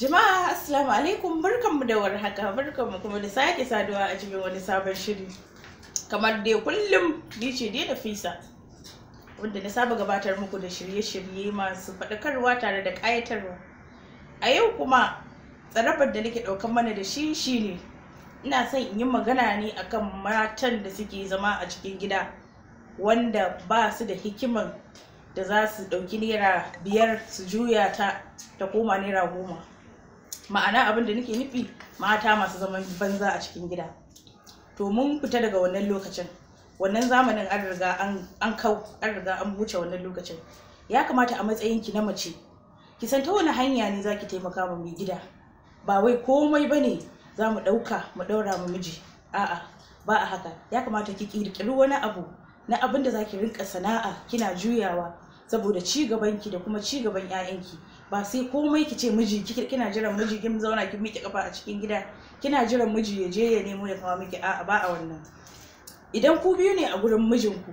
Jama'a Assalamu alaikum barkanmu da warhaka barkanmu kuma da sake saduwa a cikin wani sabon shiri. Kamar dai kullum ni ce dai da fisa wanda na saba gabatar muku da shirye-shirye masu faɗakarwa tare da ƙayatarwa. A yau kuma tsarabar da nake ɗaukar mana da shi ne. ina son in yi magana ne akan matan da suke zama a cikin gida wanda ba su da hikimar da za su ɗauki naira biyar su juya ta ta koma naira goma. ma'ana abin da nake nufi mata masu zaman banza a cikin gida to mun fita daga wannan lokacin wannan zamanin an riga an kau an riga an buce wannan lokacin ya kamata a matsayin ki na mace ki san ta wani hanya ne zaki taimaka ma mai gida ba wai komai bane za mu ɗauka mu ɗaura mu miji a'a ba a haka ya kamata ki ƙirƙiri wani abu na abin da zaki rinka sana'a kina juyawa saboda ci ki da kuma ci gaban 'ya'yanki ba sai komai ki ce miji kina jiran miji kin zauna kin miƙe kafa a cikin gida kina jiran miji ya je ya nemo ya kawo miki a'a ba a wannan idan ku biyu ne a gurin mijinku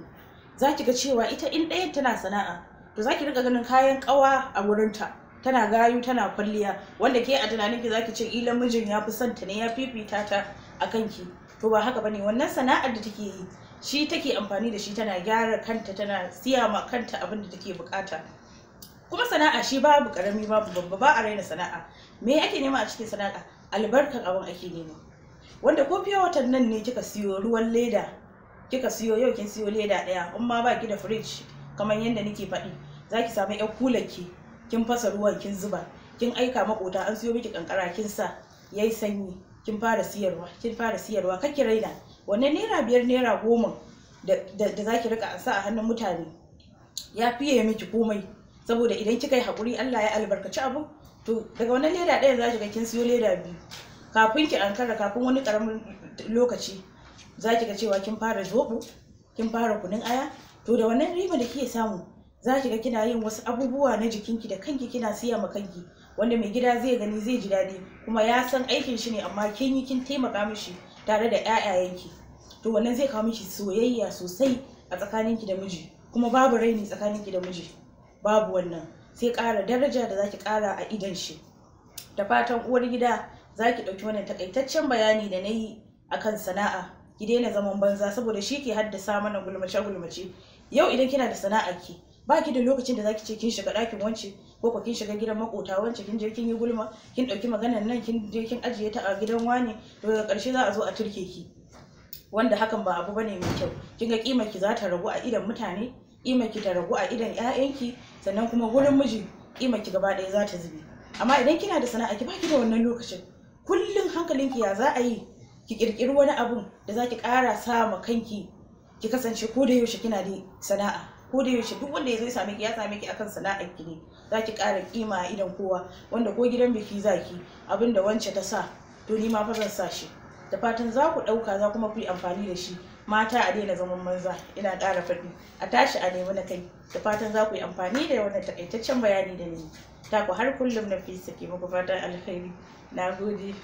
za ki ga cewa ita in ɗayan tana sana'a to zaki ki riga ganin kayan ƙawa a gurin ta tana gayu tana kwalliya wanda ke a tunanin ki zaki ce ilan mijin ya fi son ne ya fifita ta a kanki to ba haka bane wannan sana'ar da take yi shi take amfani da shi tana gyara kanta tana siya ma kanta abin da take bukata kuma sana'a shi babu karami babu babba ba a raina sana'a me ake nema a cikin sana'a albarkar abin ake nema wanda ko fiye watan nan ne kika siyo ruwan leda kika siyo yau kin siyo leda daya in ma ki da fridge kamar yadda nake faɗi zaki samu yar ki kin fasa ruwan kin zuba kin aika makota an siyo miki kankara kin sa yayi sanyi kin fara siyarwa kin fara siyarwa kake raina wannan naira biyar naira goma da zaki rika sa a hannun mutane ya fiye miki komai saboda idan kika yi hakuri, Allah ya albarkaci abu to daga wannan leda ɗaya za ki ga kin siyo leda biyu kafin ki ankara kafin wani ƙaramin lokaci za ki ga cewa kin fara zobo kin fara kunin aya to da wannan riba da kike samu za ki ga kina yin wasu abubuwa na jikinki da kanki kina siya ma kanki wanda mai gida zai gani zai ji daɗi kuma ya san aikin shi ne amma kin yi kin taimaka mishi tare da ƴaƴayenki to wannan zai kawo miki soyayya sosai a tsakaninki da miji kuma babu raini tsakaninki da miji babu wannan sai ƙara daraja da zaki ƙara a idan shi da fatan uwar gida zaki ɗauki wannan takaitaccen bayani da na yi akan sana'a ki daina zaman banza saboda shi ke haddasa mana gulmace gulmace yau idan kina da sana'a ki baki da lokacin da zaki ce kin shiga ɗakin wance ko ko kin shiga gidan makota wance kin je kin yi gulma kin ɗauki maganar nan kin je kin ajiye ta a gidan wani to daga ƙarshe za a zo a turke ki wanda hakan ba abu bane mai kyau kin ga kimar ki za ta ragu a idan mutane ki ta ragu a idan 'ya'yanki sannan kuma wurin miji ki gaba ɗaya za ta zube amma idan kina da sana'a ki baki da wannan lokacin kullum hankalinki ya za a yi ki kirkiri wani abun da za ki ƙara sa ma kanki ki kasance ko da yaushe kina da sana'a ko da yaushe duk wanda ya zo same ki ya same ki akan sana'ar ki ne za ki ƙara kima a idan kowa wanda ko gidan biki za ki abinda wance ta sa to ni ma fa zan sa shi da fatan za ku ɗauka za kuma ku yi amfani da shi mata a daina zaman manza ina ƙara faɗi a tashi a nemi na kai da fatan za ku yi amfani da wannan takaitaccen bayani da ni ta ku har kullum na fi sake muku fatan alkhairi na gode